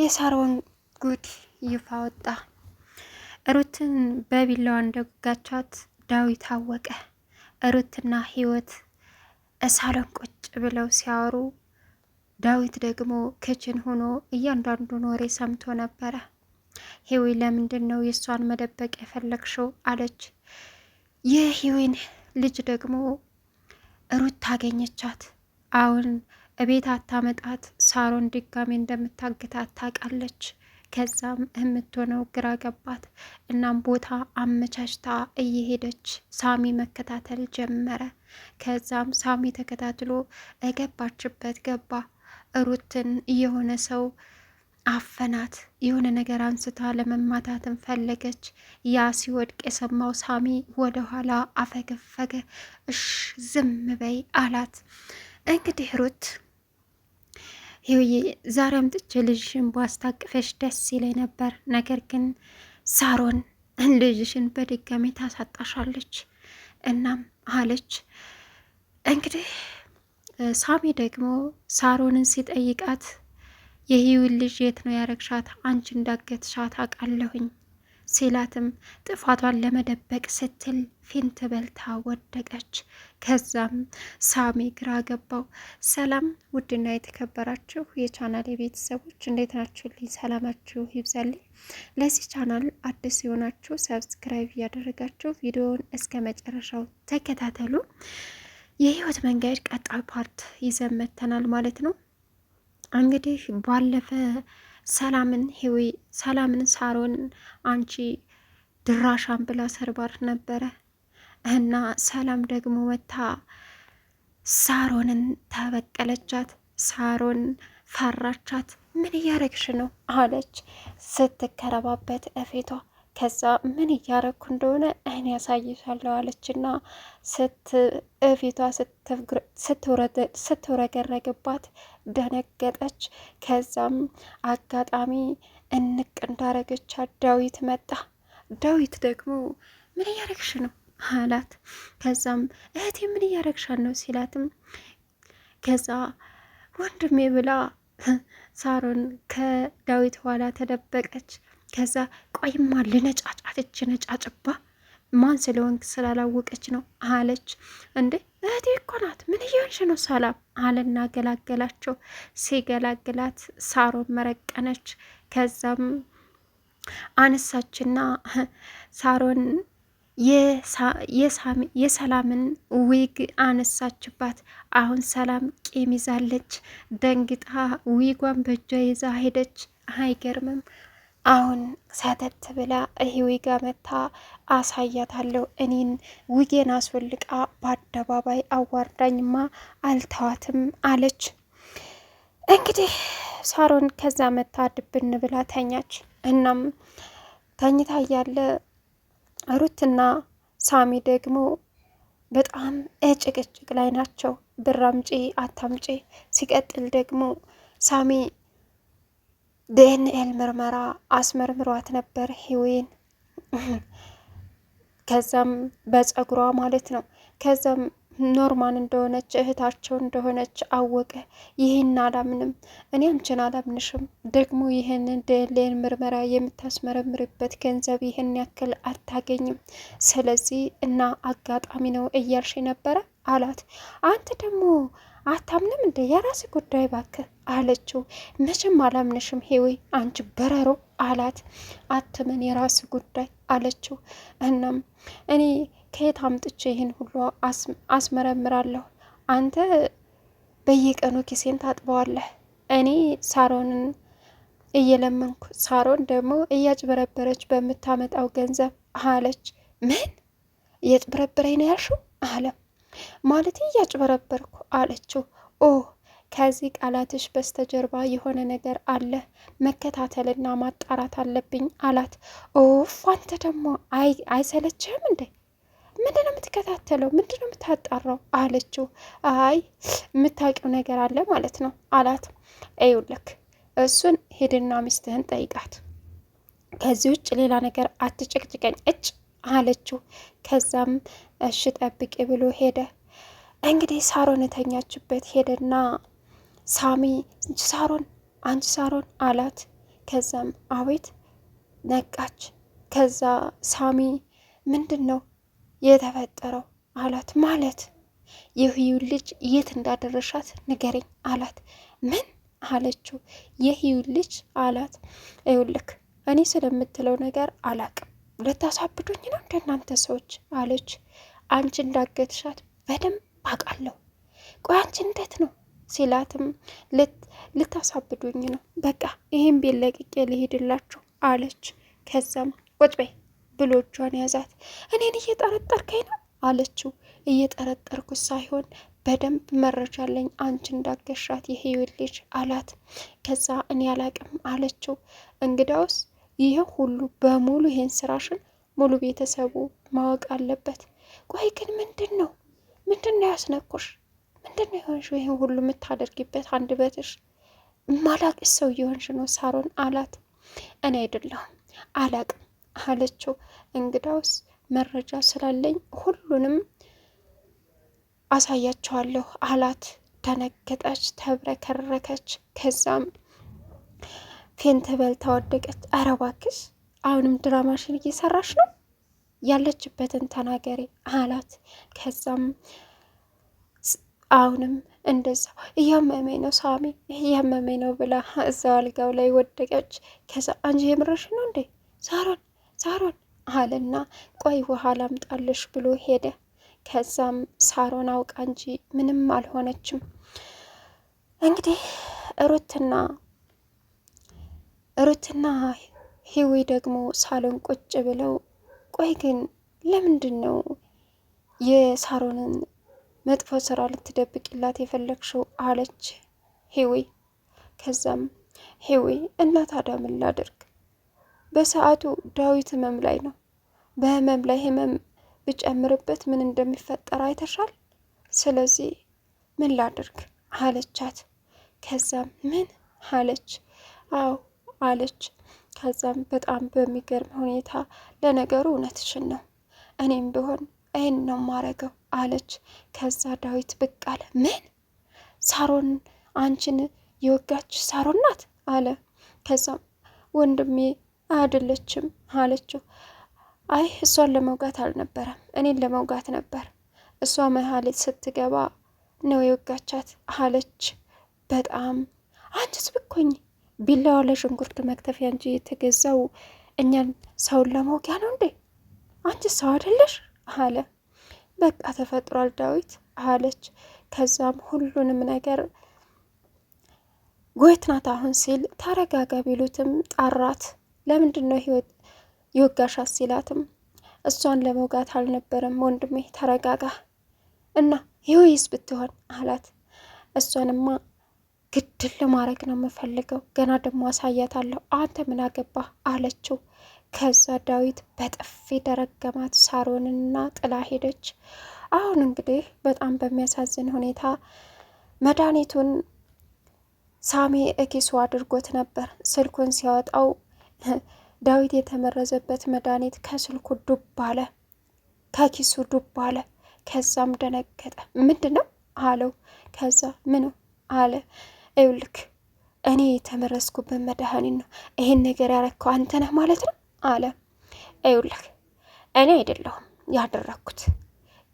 የሳሮን ጉድ ይፋ ወጣ። ሩትን በቢላዋ እንደወጋቻት ዳዊት አወቀ። ሩትና ህይወት እሳሎን ቁጭ ብለው ሲያወሩ ዳዊት ደግሞ ክችን ሆኖ እያንዳንዱን ወሬ ሰምቶ ነበረ። ሂዊ ለምንድን ነው የእሷን መደበቅ የፈለግሽው? አለች። የሂዊን ልጅ ደግሞ ሩት ታገኘቻት። አሁን እቤት አታመጣት ሳሮን ድጋሜ እንደምታግታት ታውቃለች። ከዛም የምትሆነው ግራ ገባት። እናም ቦታ አመቻችታ እየሄደች ሳሚ መከታተል ጀመረ። ከዛም ሳሚ ተከታትሎ እገባችበት ገባ። ሩትን የሆነ ሰው አፈናት። የሆነ ነገር አንስታ ለመማታትን ፈለገች። ያ ሲወድቅ የሰማው ሳሚ ወደኋላ አፈገፈገ። እሽ ዝም በይ አላት። እንግዲህ ሩት ይኸውዬ ዛሬ አምጥቼ ልጅሽን ባስታቅፈሽ ደስ ይለኝ ነበር፣ ነገር ግን ሳሮን ልጅሽን በድጋሚ ታሳጣሻለች። እናም አለች እንግዲህ ሳሚ ደግሞ ሳሮንን ሲጠይቃት የህይወት ልጅ የት ነው ያረግሻት? አንቺ እንዳገትሻት አውቃለሁኝ ሲላትም ጥፋቷን ለመደበቅ ስትል ፊንት በልታ ወደቀች። ከዛም ሳሚ ግራ ገባው። ሰላም ውድና የተከበራችሁ የቻናል የቤተሰቦች እንዴት ናችሁልኝ? ሰላማችሁ ይብዛልኝ። ለዚህ ቻናል አዲስ የሆናችሁ ሰብስክራይብ እያደረጋችሁ ቪዲዮውን እስከ መጨረሻው ተከታተሉ። የህይወት መንገድ ቀጣይ ፓርት ይዘን መጥተናል ማለት ነው። እንግዲህ ባለፈ ሰላምን ህዊ ሰላምን ሳሮን አንቺ ድራሻን ብላ ሰርባር ነበረ እና ሰላም ደግሞ መታ ሳሮንን ተበቀለቻት። ሳሮን ፈራቻት። ምን እያረግሽ ነው አለች ስትከረባበት እፊቷ። ከዛ ምን እያረግኩ እንደሆነ እኔ ያሳይሻለሁ አለችና እፊቷ ስትውረገረግባት ደነገጠች። ከዛም አጋጣሚ እንቅ እንዳረገቻት ዳዊት መጣ። ዳዊት ደግሞ ምን እያረግሽ ነው አላት። ከዛም እህቴ ምን እያረግሻል ነው ሲላትም ከዛ ወንድሜ ብላ ሳሮን ከዳዊት ኋላ ተደበቀች። ከዛ ቆይማ ልነጫጫትች ነጫጭባ ማን ስለሆንክ ስላላወቀች ነው አለች። እንዴ እህቴ እኮ ናት ምን እያንሽ ነው ሰላም አለና ገላገላቸው። ሲገላግላት ሳሮን መረቀነች። ከዛም አነሳችና ሳሮን የሰላምን ዊግ አነሳችባት። አሁን ሰላም ቂም ይዛለች። ደንግጣ ዊጓን በእጇ ይዛ ሄደች። አይገርምም? አሁን ሰተት ብላ ይሄ ዊጋ መታ አሳያታለሁ። እኔን ዊጌን አስወልቃ በአደባባይ አዋርዳኝማ አልተዋትም አለች። እንግዲህ ሳሮን ከዛ መታ ድብን ብላ ተኛች። እናም ተኝታ እያለ ሩትና ሳሚ ደግሞ በጣም እጭቅጭቅ ላይ ናቸው። ብር አምጪ አታምጪ። ሲቀጥል ደግሞ ሳሚ ዲኤንኤ ምርመራ አስመርምሯት ነበር ህዌን ከዛም በፀጉሯ ማለት ነው። ከዛም ኖርማን እንደሆነች እህታቸው እንደሆነች አወቀ። ይህን አላምንም እኔ አንቺን አላምንሽም። ደግሞ ይህንን ደሌን ምርመራ የምታስመረምርበት ገንዘብ ይህን ያክል አታገኝም። ስለዚህ እና አጋጣሚ ነው እያልሽ ነበረ አላት። አንተ ደግሞ አታምንም እንደ የራስ ጉዳይ ባክህ አለችው። መቼም አላምንሽም ሄዌ አንቺ በረሮ አላት። አትመን የራስ ጉዳይ አለችው። እናም እኔ ከየት አምጥቼ ይህን ሁሉ አስመረምራለሁ? አንተ በየቀኑ ኪሴን ታጥበዋለህ። እኔ ሳሮንን እየለመንኩ ሳሮን ደግሞ እያጭበረበረች በምታመጣው ገንዘብ አለች። ምን እያጭበረበረኝ ነው ያልሽው? አለ ማለት እያጭበረበርኩ አለችው። ኦ ከዚህ ቃላትሽ በስተጀርባ የሆነ ነገር አለ፣ መከታተልና ማጣራት አለብኝ አላት። ኦፍ አንተ ደግሞ አይሰለችህም እንዴ? ምንድን ነው የምትከታተለው? ምንድን ነው የምታጣራው? አለችው። አይ የምታውቂው ነገር አለ ማለት ነው አላት። ይኸውልህ እሱን ሄድና ሚስትህን ጠይቃት፣ ከዚህ ውጭ ሌላ ነገር አትጭቅጭቀኝ እጭ አለችው። ከዛም እሺ ጠብቄ ብሎ ሄደ። እንግዲህ ሳሮን የተኛችበት ሄደና ሳሚ ሳሮን አንቺ ሳሮን አላት። ከዛም አቤት ነቃች። ከዛ ሳሚ ምንድን ነው የተፈጠረው አላት። ማለት የህዩን ልጅ የት እንዳደረሻት ንገረኝ አላት። ምን አለችው? የህዩን ልጅ አላት። ይኸውልህ እኔ ስለምትለው ነገር አላቅም። ልታሳብዱኝ ነው እንደናንተ ሰዎች አለች። አንቺ እንዳገትሻት በደንብ አውቃለሁ። ቆይ አንቺ እንዴት ነው ሲላትም ልታሳብዱኝ ነው፣ በቃ ይህን ቤት ለቅቄ ልሄድላችሁ አለች። ከዛም ቁጭ በይ ብሎቿን ያዛት። እኔን እየጠረጠርከኝ ነው አለችው። እየጠረጠርኩ ሳይሆን በደንብ መረጃ አለኝ አንቺ እንዳገሻት የህይወት ልጅ አላት። ከዛ እኔ አላቅም አለችው። እንግዳውስ ይህ ሁሉ በሙሉ ይሄን ስራሽን ሙሉ ቤተሰቡ ማወቅ አለበት። ቆይ ግን ምንድን ነው ምንድን ነው ያስነኩሽ? ምንድን ነው የሆንሽው? ይህን ሁሉ የምታደርጊበት አንድ በትሽ ማላቅ ሰው የሆንሽ ነው ሳሮን አላት። እኔ አይደለሁም አላቅም አለችው። እንግዳውስ መረጃ ስላለኝ ሁሉንም አሳያቸዋለሁ አላት። ደነገጠች፣ ተብረከረከች። ከዛም ፌንት በልታ ወደቀች። አረ እባክሽ አሁንም ድራማሽን እየሰራሽ ነው ያለችበትን ተናገሪ አላት። ከዛም አሁንም እንደዛ እያመመኝ ነው ሳሚ እያመመኝ ነው ብላ እዛው አልጋው ላይ ወደቀች። ከዛ አንቺ የምረሽ ነው እንዴ ሳሮን ሳሮን አለና ቆይ ውሃ ላምጣልሽ ብሎ ሄደ። ከዛም ሳሮን አውቃ እንጂ ምንም አልሆነችም። እንግዲህ ሩትና ሩትና ሂዊ ደግሞ ሳሎን ቁጭ ብለው ቆይ ግን ለምንድን ነው የሳሮንን መጥፎ ስራ ልትደብቅላት የፈለግሽው? አለች ሂዊ። ከዛም ሂዊ እና ታዲያ ምን ላድርግ በሰዓቱ ዳዊት ህመም ላይ ነው። በህመም ላይ ህመም ብጨምርበት ምን እንደሚፈጠር አይተሻል። ስለዚህ ምን ላድርግ አለቻት። ከዛም ምን አለች? አዎ አለች። ከዛም በጣም በሚገርም ሁኔታ ለነገሩ እውነትሽን ነው፣ እኔም ቢሆን ይህን ነው ማረገው አለች። ከዛ ዳዊት ብቅ አለ። ምን ሳሮን አንቺን የወጋች ሳሮን ናት አለ። ከዛም ወንድሜ አይደለችም አለችው። አይ እሷን ለመውጋት አልነበረም፣ እኔን ለመውጋት ነበር። እሷ መሀሌት ስትገባ ነው የወጋቻት አለች። በጣም አንቺስ ብኮኝ ቢላዋ ለሽንኩርት መክተፊያ እንጂ የተገዛው እኛን ሰውን ለመውጊያ ነው እንዴ? አንቺስ ሰው አይደለሽ አለ። በቃ ተፈጥሯል ዳዊት አለች። ከዛም ሁሉንም ነገር ጎይት ናት አሁን ሲል ተረጋጋ ቢሉትም ጣራት ለምንድን ነው ህይወት የወጋሻት ሲላትም እሷን ለመውጋት አልነበረም ወንድሜ ተረጋጋ እና ህይወይስ ብትሆን አላት። እሷንማ ግድል ለማድረግ ነው የምፈልገው ገና ደግሞ አሳያታለሁ አንተ ምን አገባ አለችው። ከዛ ዳዊት በጥፊ ደረገማት። ሳሮንና ጥላ ሄደች። አሁን እንግዲህ በጣም በሚያሳዝን ሁኔታ መድኃኒቱን ሳሚ እኪሱ አድርጎት ነበር። ስልኩን ሲያወጣው ዳዊት የተመረዘበት መድኃኒት ከስልኩ ዱብ አለ፣ ከኪሱ ዱብ አለ። ከዛም ደነገጠ። ምንድን ነው አለው። ከዛ ምኑ አለ። ይኸውልህ እኔ የተመረዝኩበት መድኃኒት ነው። ይሄን ነገር ያረግከው አንተ ነህ ማለት ነው አለ። ይኸውልህ እኔ አይደለሁም ያደረግኩት፣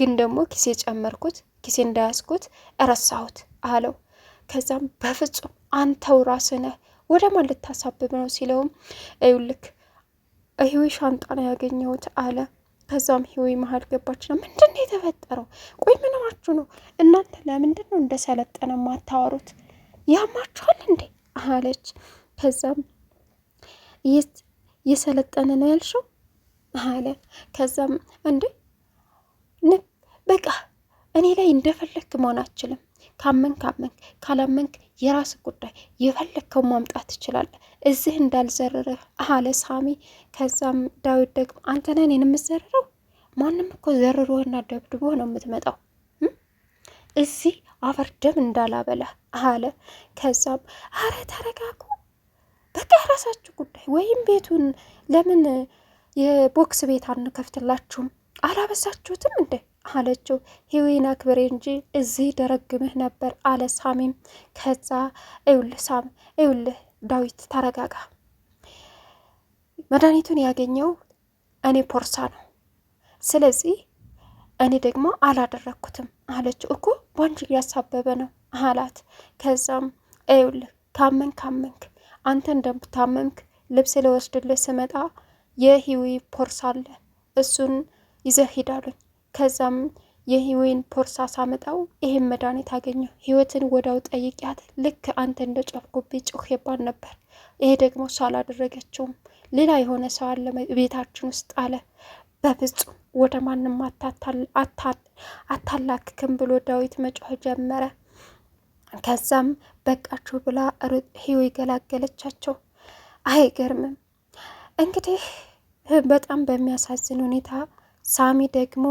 ግን ደግሞ ኪሴ ጨመርኩት፣ ኪሴ እንዳያስኩት እረሳሁት አለው። ከዛም በፍጹም አንተው ራስህ ነህ ወደ ማን ልታሳብብ ነው ሲለውም ይውልክ ህዌ ሻንጣ ነው ያገኘሁት አለ። ከዛም ህዌ መሀል ገባች ነው ምንድን ነው የተፈጠረው? ቆይ ምንማችሁ ነው እናንተ? ለምንድን ነው እንደ ሰለጠነ ማታወሩት? ያማችኋል እንዴ አለች። ከዛም የሰለጠነ ነው ያልሽው አለ። ከዛም እንዴ በቃ እኔ ላይ እንደፈለግክ መሆን አችልም። ካመንክ አመንክ፣ ካላመንክ የራስ ጉዳይ የፈለግከው ማምጣት ትችላለህ፣ እዚህ እንዳልዘረረህ አለ ሳሚ። ከዛም ዳዊት ደግሞ አንተ ነህ እኔን የምትዘርረው? ማንም እኮ ዘርሮህና ደብድቦህ ነው የምትመጣው እዚህ አፈር ደም እንዳላበላ አለ። ከዛም አረ ተረጋጉ፣ በቃ የራሳችሁ ጉዳይ ወይም ቤቱን ለምን የቦክስ ቤት አንከፍትላችሁም? አላበሳችሁትም እንዴ? አለችው። ህዊን አክብሬ እንጂ እዚህ ደረግምህ ነበር አለ ሳሚም። ከዛ እውልህ ሳም እውልህ ዳዊት ተረጋጋ። መድኃኒቱን ያገኘው እኔ ፖርሳ ነው። ስለዚህ እኔ ደግሞ አላደረግኩትም አለችው። እኮ ባንቺ እያሳበበ ነው አላት። ከዛም ካመን ካመንክ አንተ እንደምታመምክ ልብስ ልወስድልህ ስመጣ የህዊ ፖርሳ አለ እሱን ይዘህ ሂድ አሉኝ። ከዛም የህዌን ፖርሳ ሳመጣው ይህን መድኃኒት አገኘሁ ህይወትን ወዳው ጠይቂያት ልክ አንተ እንደ ጨፍኩብኝ ጮሄባን ነበር። ይሄ ደግሞ እሷ አላደረገችውም፣ ሌላ የሆነ ሰው አለ ቤታችን ውስጥ አለ። በፍጹም ወደ ማንም አታላክክም ብሎ ዳዊት መጮህ ጀመረ። ከዛም በቃችሁ ብላ ህዌ ገላገለቻቸው። አይገርምም እንግዲህ በጣም በሚያሳዝን ሁኔታ ሳሚ ደግሞ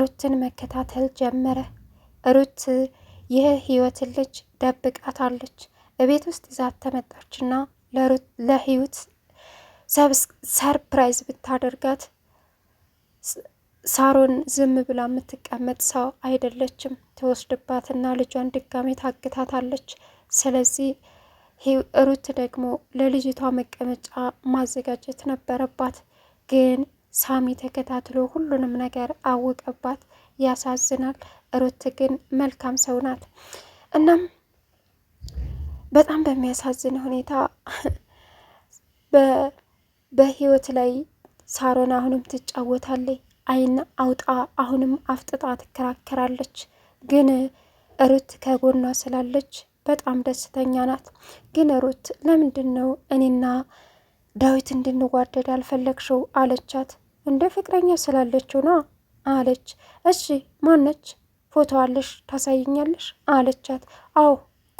ሩትን መከታተል ጀመረ። ሩት ይህ ህይወትን ልጅ ደብቃታለች። እቤት ውስጥ ይዛት ተመጣችና ለህይወት ሰርፕራይዝ ብታደርጋት ሳሮን ዝም ብላ የምትቀመጥ ሰው አይደለችም። ትወስድባትና ልጇን ድጋሜ ታግታታለች። ስለዚህ ሩት ደግሞ ለልጅቷ መቀመጫ ማዘጋጀት ነበረባት ግን ሳሚ ተከታትሎ ሁሉንም ነገር አወቀባት። ያሳዝናል። ሩት ግን መልካም ሰው ናት። እናም በጣም በሚያሳዝን ሁኔታ በህይወት ላይ ሳሮን አሁንም ትጫወታለች። አይን አውጣ አሁንም አፍጥጣ ትከራከራለች። ግን ሩት ከጎኗ ስላለች በጣም ደስተኛ ናት። ግን ሩት ለምንድን ነው እኔና ዳዊት እንድንዋደድ አልፈለግሽው? አለቻት እንደ ፍቅረኛ ስላለችው ና አለች። እሺ ማነች? ፎቶ አለሽ ታሳይኛለሽ? አለቻት። አዎ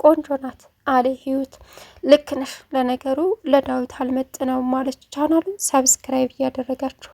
ቆንጆ ናት አለ ህይወት። ልክ ነሽ፣ ለነገሩ ለዳዊት አልመጥነውም አለች። ቻናሉን ሰብስክራይብ እያደረጋችሁ